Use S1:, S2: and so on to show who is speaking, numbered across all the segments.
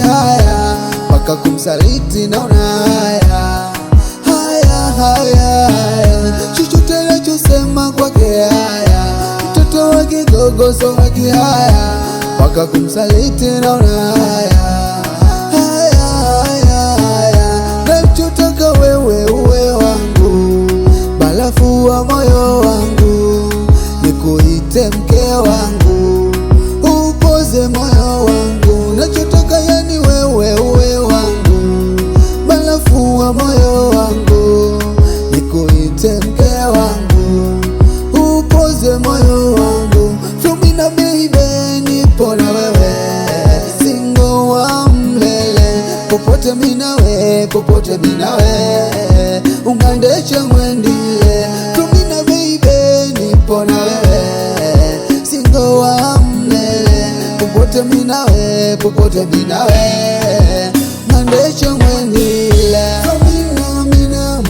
S1: haya mpaka kumsaliti naona haya haya haya haya, chochote nachosema kwake haya, mtoto wa kigogo so haki haya mpaka kumsaliti naona haya nachotaka wewe uwe wangu, wa mke wangu, upoze moyo wangu nawe popote binawe ungandeche mwendile tumina beibe nipo na singo wa mnele popote binawe popote binawe ngandesha mwendile Flomina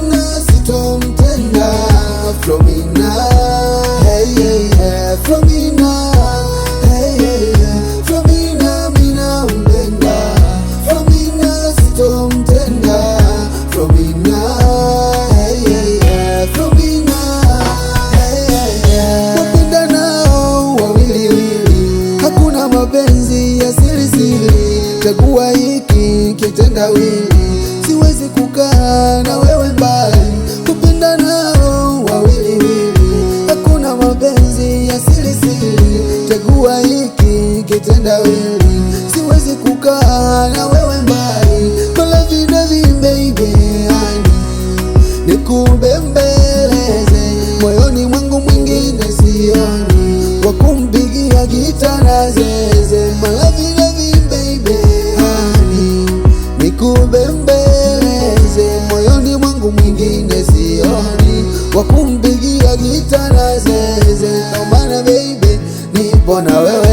S1: mina sitomtenda hey, Flomina furaha na wewe bali kupenda nao wawiliwili, hakuna mapenzi ya silisili, chagua hiki kitendawili, siwezi kukaa na wewe mbali, kola vina vimbeibeani nikubembeleze moyoni mwangu mwingine sioni, wakumpigia gitaraze wakumpigia gita na zeze, ndo maana baby nipo na wewe,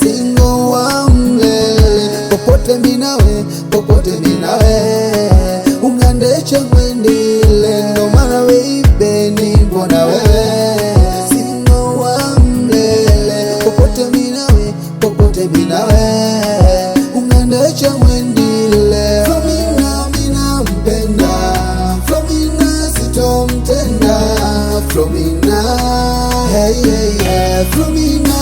S1: singo wa milele, popote minawe, popote minawe yeah, Flumina, hey, yeah, yeah, Flumina.